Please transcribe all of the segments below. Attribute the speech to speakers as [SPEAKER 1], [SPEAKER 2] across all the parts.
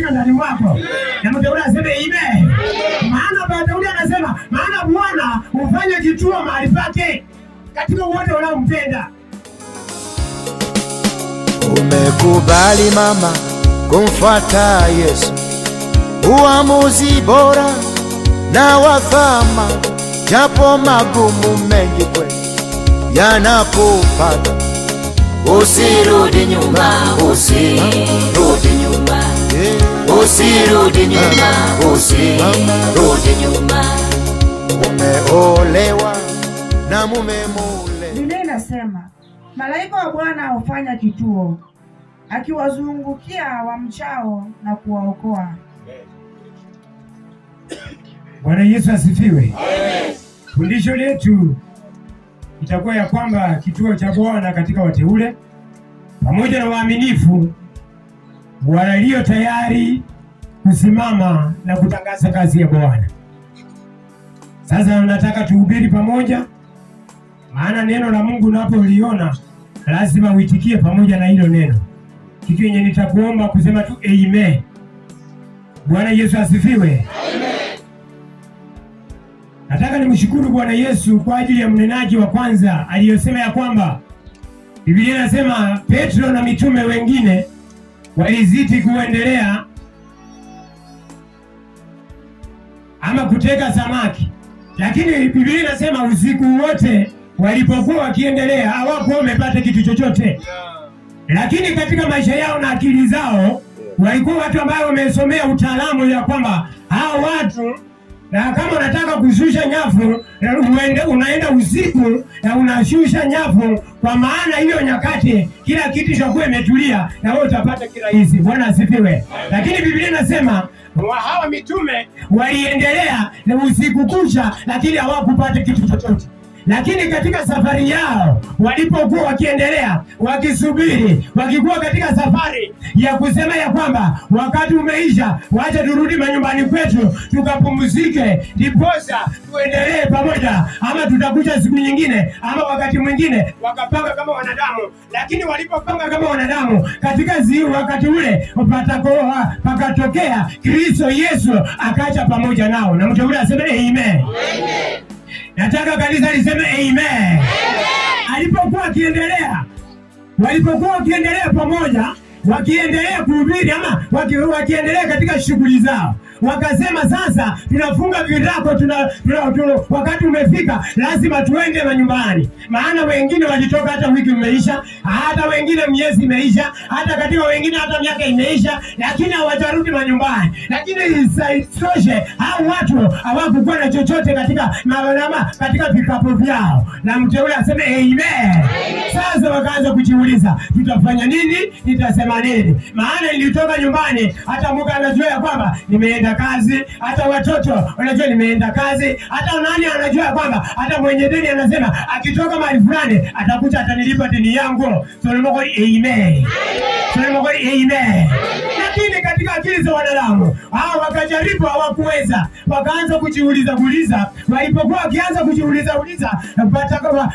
[SPEAKER 1] aliyo ndani mwako, na mteule aseme ime. Maana Daudi anasema, maana Bwana hufanya kituo mahali pake katika wote wanaompenda.
[SPEAKER 2] Umekubali mama kumfuata Yesu, uamuzi bora na wafama, japo magumu mengi kweli yanakupata, usirudi nyuma, usirudi nyuma usirudi nyuma, usirudi nyuma. Umeolewa na mume mule.
[SPEAKER 3] Biblia inasema malaika wa Bwana hufanya kituo akiwazungukia wamchao na kuwaokoa.
[SPEAKER 1] Bwana Yesu asifiwe. Fundisho letu itakuwa ya kwamba kituo cha Bwana katika wateule pamoja na waaminifu walio tayari kusimama na kutangaza kazi ya Bwana. Sasa nataka tuhubiri pamoja, maana neno la Mungu unapoliona lazima uitikie pamoja na hilo neno. Kitu yenye nitakuomba kusema tu amen. Bwana Yesu asifiwe, amen. Nataka nimshukuru Bwana Yesu kwa ajili ya mnenaji wa kwanza aliyosema ya kwamba Biblia inasema Petro na mitume wengine walizidi kuendelea ama kutega samaki, lakini Biblia inasema usiku wote walipokuwa wakiendelea hawakuwa wamepata kitu chochote yeah. Lakini katika maisha yao na akili zao walikuwa watu ambao wamesomea utaalamu ya kwamba hao watu na kama unataka kushusha nyavu uende, unaenda usiku na unashusha nyavu, kwa maana hiyo nyakati kila kitu chakuwa imetulia na wewe utapata kirahisi. Bwana asifiwe. Lakini Biblia inasema hawa mitume waliendelea na usiku kucha, lakini hawakupata kitu chochote. Lakini katika safari yao walipokuwa wakiendelea, wakisubiri, wakikuwa katika safari ya kusema ya kwamba wakati umeisha, wacha turudi manyumbani kwetu tukapumzike, ndiposa tuendelee pamoja, ama tutakuja siku nyingine, ama wakati mwingine, wakapanga kama wanadamu. Lakini walipopanga kama wanadamu, katika zi wakati ule patakoa pakatokea Kristo Yesu, akaja pamoja nao, na mteule aseme amen. Nataka kanisa liseme amen. Alipokuwa akiendelea, walipokuwa wakiendelea pamoja, wakiendelea kuhubiri ama wakiendelea katika shughuli zao wakasema sasa tunafunga virako tuna, tuna, tuna, wakati umefika lazima tuende manyumbani, maana wengine walitoka hata wiki imeisha, hata wengine miezi imeisha, hata katika wengine hata miaka imeisha, lakini hawajarudi manyumbani. Lakini isitoshe hao watu hawakukuwa na chochote katika maana katika vikapu vyao, na mteule aseme amen. Sasa wakaanza kujiuliza tutafanya nini, nitasema nini, maana nilitoka nyumbani, hata Mungu anajua ya kwamba nimeenda nimeenda kazi, hata watoto wanajua nimeenda kazi, hata nani anajua kwamba hata mwenye deni anasema akitoka mahali fulani atakuja atanilipa deni yangu. Amen. Amen. Lakini katika akili za wanadamu hao wakajaribu, hawakuweza, wakaanza kujiuliza uliza. Walipokuwa wakianza kujiuliza uliza,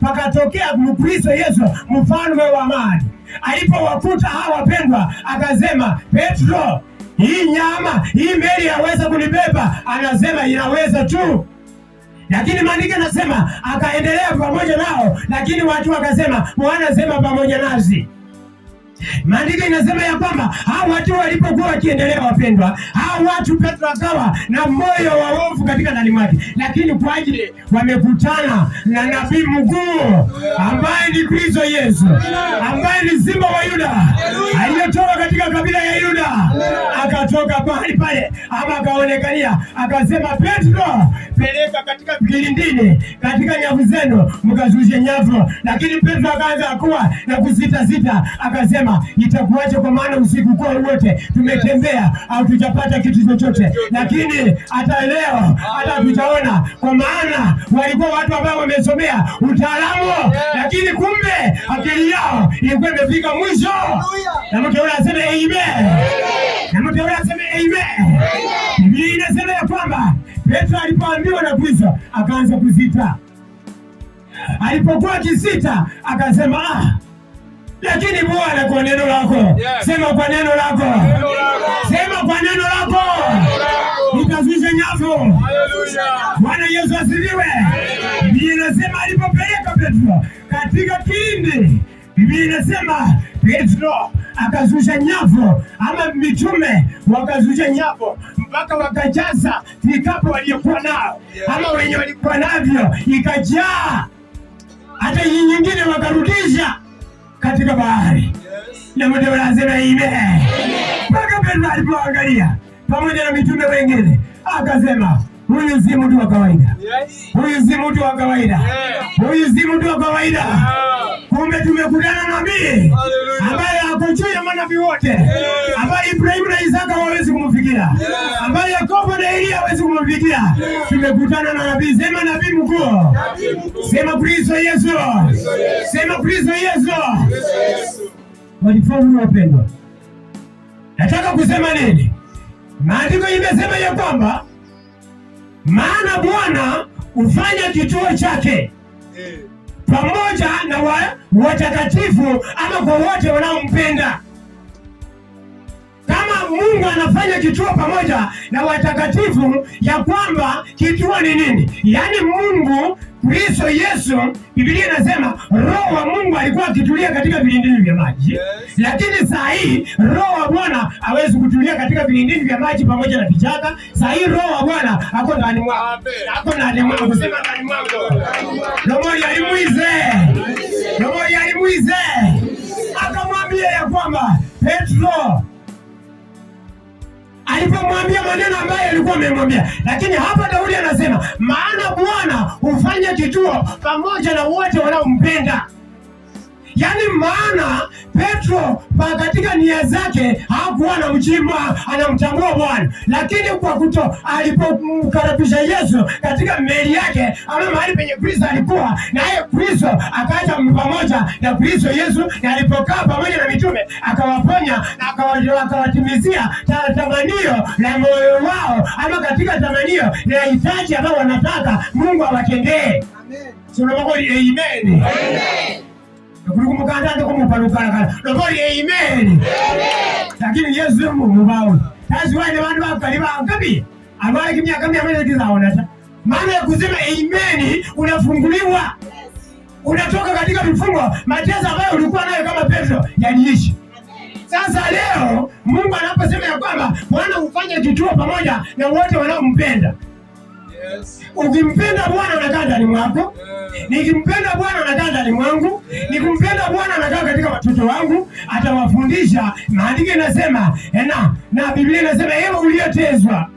[SPEAKER 1] pakatokea Mkristo Yesu, mfalme wa amani, alipowakuta hawa wapendwa, akasema Petro hii nyama hii meli yaweza kunibeba? Anasema inaweza tu, lakini maandiko anasema akaendelea pamoja nao, lakini watu wakasema Bwana sema pamoja nasi Maandiko inasema ya kwamba hao watu walipokuwa wakiendelea, wapendwa, hao watu Petro akawa na moyo wa ovu katika ndani mwake, lakini kwa ajili wamekutana na nabii mkuu ambaye ni Kristo Yesu, ambaye ni Simba wa Yuda aliyetoka katika kabila ya Yuda, akatoka pale pale ama akaonekania, akasema Petro, peleka katika kilindini, katika nyavu zenu mkazushe nyavu. Lakini Petro akaanza kuwa na kusitasita, akasema Nikasema itakuwaje? Kwa maana usiku kwa wote tumetembea, au tujapata kitu chochote, lakini hata leo hata tutaona, kwa maana walikuwa watu ambao wamesomea utaalamu, lakini kumbe akili yao ilikuwa imefika mwisho. Na mtu yule aseme amen, na mtu yule aseme amen. Biblia inasema ya kwamba Petro alipoambiwa na Kristo akaanza kuzita, alipokuwa kisita akasema ah lakini Bwana kwa neno lako, sema kwa neno lako, sema kwa neno lako nikazushe nyavu. Bwana Yesu asifiwe. Biblia inasema alipopeleka Petro katika kindi, Biblia inasema Petro akazusha nyavu, ama mitume wakazusha nyavu mpaka wakajaza vikapu waliokuwa nao ama wenye walikuwa navyo, ikajaa hata nyingine wakarudisha katika bahari na mtu lazima ime mpaka Petro alipoangalia pamoja na mitume wengine akasema Huyu si mtu wa kawaida, huyu si mtu wa kawaida, huyu si mtu wa kawaida. Kumbe tumekutana nabii ambaye ako juu ya manabii wote, ambaye Ibrahimu na Isaka hawawezi kumfikia, ambaye Yakobo na Elia hawezi kumfikia. Tumekutana na nabii. Sema nabii mkuu, sema Kristo Yesu, sema Kristo Yesu. Walifaulu wapendwa, nataka kusema nini? Maandiko imesema ya kwamba maana Bwana hufanya kituo chake eh. pamoja na watakatifu ama kwa wote wanaompenda kama Mungu anafanya kituo pamoja na watakatifu, ya kwamba kituo ni nini? Yaani Mungu Kristo Yesu, Biblia inasema roho wa Mungu alikuwa akitulia katika vilindini vya maji yes. Lakini saa hii roho wa Bwana hawezi kutulia katika vilindini vya maji pamoja na vichaka. Saa hii roho wa Bwana ako ndani mwako, ako ndani mwako, kusema ndani mwako, imuize, roho ya imuize, akamwambia ya kwamba Petro alipomwambia maneno ambayo alikuwa amemwambia. Lakini hapa Daudi anasema, maana Bwana hufanya kituo pamoja na wote wanaompenda. Yaani maana Petro pa katika nia zake hakuwa na mchimba anamtambua Bwana, lakini kwa kuto alipomkaribisha Yesu katika meli yake ama mahali penye Kristo alikuwa naye, Kristo akaacha pamoja na Kristo Yesu, na alipokaa pamoja na mitume akawaponya na akawatimizia tamanio la moyo wao, ama katika tamanio la hitaji ambao wanataka Mungu awatendee. Amen. Amen. Ekulu kumuganda ndi kumukalukala loboli eimeri. Lakini Yesu mumubawe. That's why the bantu bakukaliba angabi. Alwala kimyaka mia mbili tizaona ta. Maana ya kusema amen unafunguliwa. Unatoka katika mifungo mateso ambayo ulikuwa nayo kama Petro yaliishi. Sasa leo Mungu anaposema ya kwamba Bwana ufanye kituo pamoja na wote wanaompenda. Ukimpenda Bwana unakaa ndani mwako. Nikimpenda Bwana unakaa ndani mwangu. Nikimpenda Bwana unakaa katika watoto wangu, atawafundisha. Maandiko inasema na na Biblia inasema yeye uliyetezwa,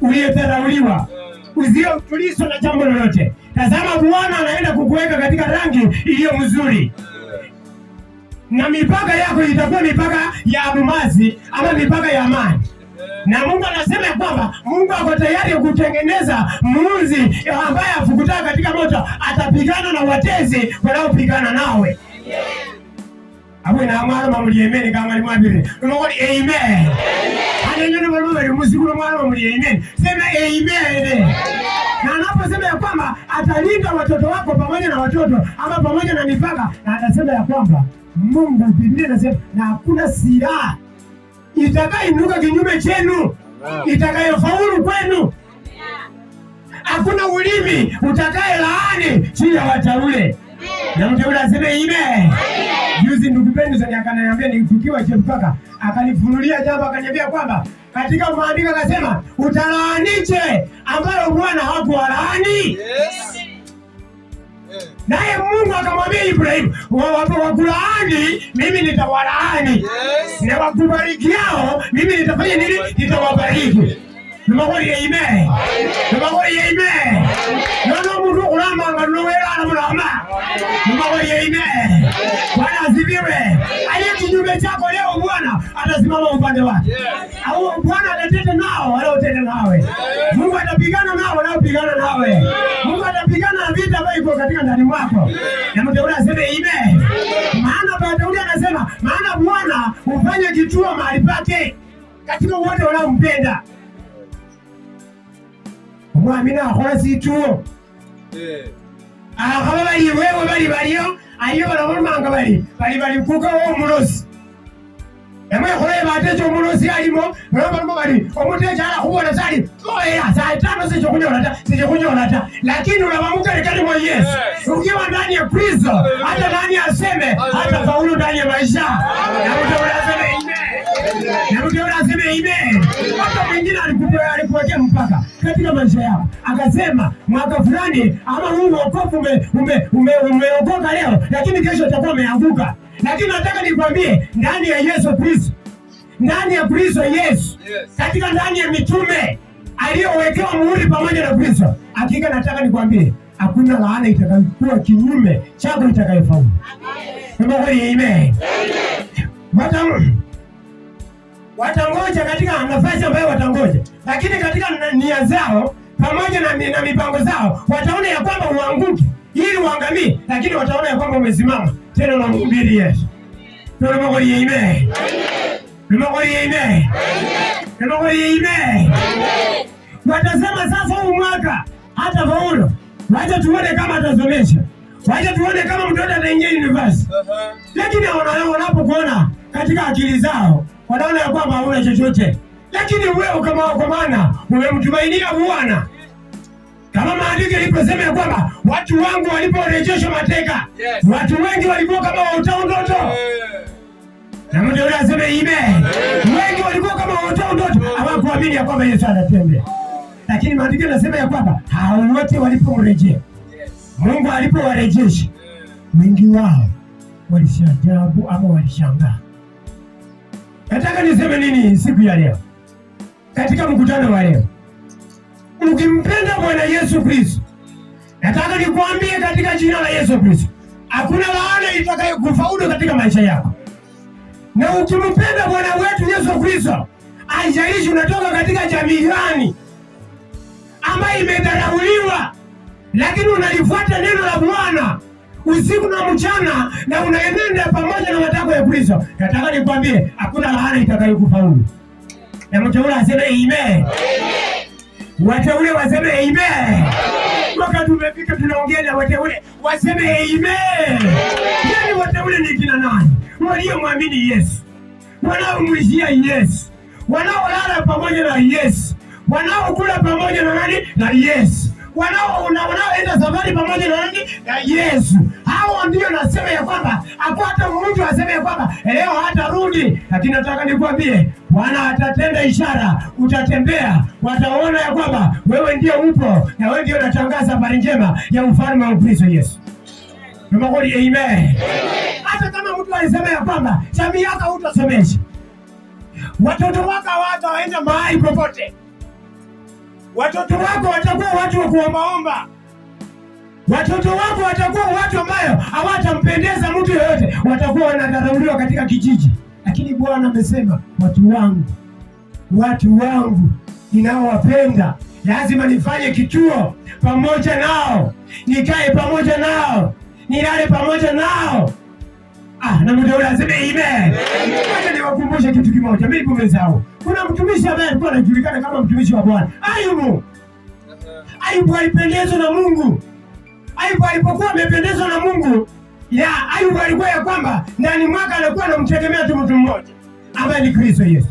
[SPEAKER 1] uliyetharauliwa, uzio tuliso na jambo lolote. Tazama Bwana anaenda kukuweka katika rangi iliyo mzuri na mipaka yako itakuwa mipaka ya abumazi ama mipaka ya amani na Mungu anasema kwamba Mungu ako tayari kutengeneza muunzi ambaye afukutaka katika moto, atapigana na watezi wanaopigana nawe. Abwinaamwaloma muli emeni kamalimwavire nomogoli amen anenyone valimavali muzikulu mwaloma muli amen sema amen na anaposema ya kwamba atalinda watoto wako pamoja na watoto ama pamoja na mipaka, na anasema ya kwamba Mungu Biblia inasema na hakuna silaha itakainuka kinyume chenu, itakayofaulu kwenu. Hakuna ulimi utakaye laani chini ya wateule na mteule aseme ime. Juzi ndugu Benson akaniambia nitukiwa Chemkaka, akanifunulia jambo, akaniambia kwamba katika maandiko akasema utalaaniche ambayo Bwana hakuwalaani.
[SPEAKER 4] Yes.
[SPEAKER 1] Naye Mungu akamwambia Ibrahimu, wakulaani mimi nitawalaani, yes. na wakubarikiao mimi nitafanya nini? Nitawabariki. Amen. Amen. Amen. Amen. Mungu kulamba nowelana mulama mbawayeime Bwana asifiwe. Aliye kinyume chako leo Bwana atasimama upande wake, au Bwana atatenda nao wanaotenda nawe. Mungu atapigana nao wanaopigana nawe. Mungu atapigana vita ambayo iko katika ndani mwako, na mteule aseme ime. Maana Daudi anasema, maana Bwana hufanya kituo mahali pake katika wote wanaompenda. Mwamina akola si tuo Eh. ababa bali ebwewo bali balio oh. aliyo balabamanga bali bali bali kukawo oh, omulosi emwekholeyo batecha omulosi alimo balamo bali omutecha alakhubola sali toera satano sichikhunyola ta sichikhunyola ta lakini ulaba mukari kali mwa yesu ukiwa ndani ya prison hata ndani ya seme hata faulu ndani ya maisha alipoekea mpaka katika maisha yao, akasema mwaka fulani ama huu wokovu umeokoka ume, ume leo, lakini kesho utakuwa umeanguka. Lakini nataka nikwambie ndani ya Yesu Kristo, ndani ya Kristo Yesu, katika ndani ya mitume aliyowekewa muhuri pamoja na Kristo, hakika nataka nikwambie hakuna laana itakayokuwa kinyume chako itakayofaulu. Amen. Watangoja katika nafasi ambayo watangoja lakini katika nia zao pamoja na, na mipango zao wataona ya kwamba uanguke ili uangamie, lakini wataona ya kwamba umesimama tena unamhubiri Yesu. Amen. Amen. Amen. Amen. Watasema sasa, huu mwaka hata Paulo, wacha tuone kama atasomesha, wacha tuone kama mtoto ataingia university. Uh-huh. Lakini wanapokuona katika akili zao wanaona ya kwamba hauna chochote lakini wewe kama kwa maana umemtumainia Bwana, kama maandiko iliposema ya kwamba watu wangu waliporejeshwa mateka, yes. watu wengi walikuwa kama waotao ndoto yeah. na mtu yule aseme ime wengi walikuwa kama waotao ndoto, hawakuamini ya kwamba Yesu anatembea, lakini maandiko yanasema ya kwamba hao wote walipomrejea yes. Mungu alipowarejesha wengi yeah. wao walishaajabu ama walishangaa. Nataka niseme nini siku ya leo? katika mkutano wa leo. Ukimpenda Bwana Yesu Kristo, nataka nikwambie katika jina la Yesu Kristo, hakuna laana itakayokufaulu katika maisha yako. Na ukimpenda Bwana wetu Yesu Kristo, haijalishi unatoka katika jamii gani ambayo imedharauliwa, lakini unalifuata neno la Bwana usiku na mchana na unaenenda pamoja na matako ya Kristo, nataka nikwambie hakuna laana itakayokufaulu na mteule aseme amen, wateule waseme amen. Wakati tumefika tunaongea na wateule waseme amen. Yani wateule ni kina nani? Waliomwamini Yesu, wanaomwishia Yesu, wanaolala pamoja na Yesu, wanaokula pamoja na nani? Na Yesu wanaoenda safari pamoja na nani? Na Yesu. Hao ndio nasema ya kwamba hapata mtu aseme ya kwamba leo hatarudi, lakini nataka nikwambie Bwana atatenda ishara, utatembea, wataona ya kwamba wewe ndio upo na wewe ndio unatangaza habari njema ya ufalme wa Kristo Yesu. Amen. Amen. Hata kama mtu alisema ya kwamba jamii yako hutasemesha, watoto wako hawataenda mahali popote, watoto wako watakuwa watu wa kuombaomba watoto wako watakuwa watu ambayo hawatampendeza mtu yoyote, watakuwa wanadharauliwa katika kijiji. Lakini Bwana amesema watu wangu, watu wangu ninaowapenda lazima nifanye kituo pamoja nao, nikae pamoja nao, nilale pamoja nao. Ah, na mtu yule aseme amen. Acha niwakumbushe kitu kimoja, mimi nimesahau. Kuna mtumishi ambaye alikuwa anajulikana kama mtumishi wa Bwana, Ayubu. Ayubu alipendezwa na Mungu. Ayubu alipokuwa amependezwa na Mungu, ya Ayubu alikuwa ya kwamba ndani mwaka alikuwa anamtegemea mmoja ambaye ni Kristo Yesu.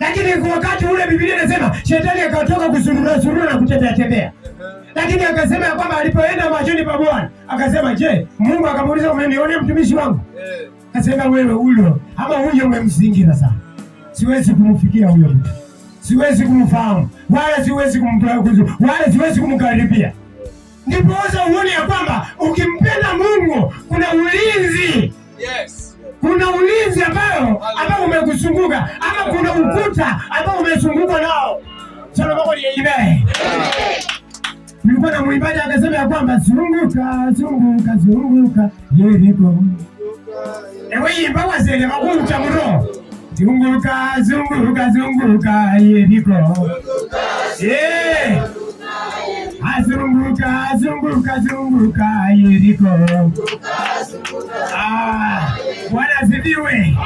[SPEAKER 1] Lakini kwa wakati ule Biblia inasema shetani akatoka kusurura surura na kutembea tembea, lakini akasema ya kwamba alipoenda machoni pa Bwana akasema, je, Mungu akamuuliza umeniona mtumishi wangu? Akasema wewe ulo ama huyo umemzingira sana, siwezi kumfikia huyo mtu, siwezi kumfahamu wala siwezi kumkuzu wala siwezi kumkaribia. Ndipo uone ya kwamba ukimpenda Mungu kuna ulinzi yes kuna ulinzi ambao ambao umekuzunguka ama kuna ukuta ambao umezungukwa nao. Nilikuwa na mwimbaji akasema ya kwamba zunguka zunguka zunguka Yeriko. Ewe imba wazele makungu cha mro. Zunguka zunguka zunguka Yeriko. Eh. Azunguka zunguka zunguka Yeriko. Ah, Bwana asifiwe.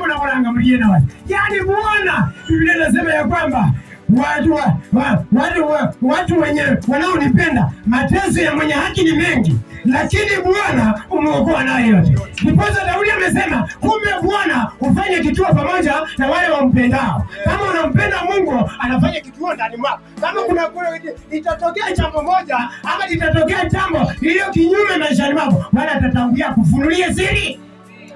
[SPEAKER 1] Munakolanga mjina watu, yaani Bwana Biblia inasema ya kwamba watu wa, wa, watu wenye wanaonipenda, mateso ya mwenye haki ni mengi lakini Bwana umeokoa naye yote. Ndiposa Daudi amesema, kumbe Bwana hufanye kituo pamoja na wale wampendao. Kama unampenda Mungu, anafanya kituo ndani mwako. Kama kuna itatokea jambo moja ama litatokea jambo iliyo kinyume maishani mwako, Bwana atatangulia kufunulia siri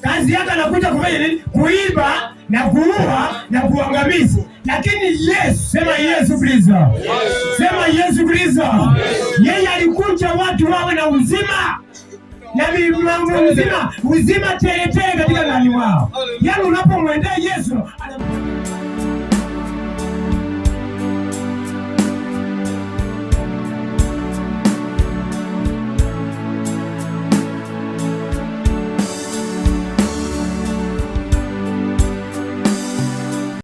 [SPEAKER 1] kazi yake anakuja kufanya nini? Kuiba na kuua na kuangamiza. Lakini Yesu, sema Yesu Kristo, sema Yesu Kristo, yeye alikuja watu wawe na uzima na uzima uzima tele katika ndani wao, yaani unapomwendea Yesu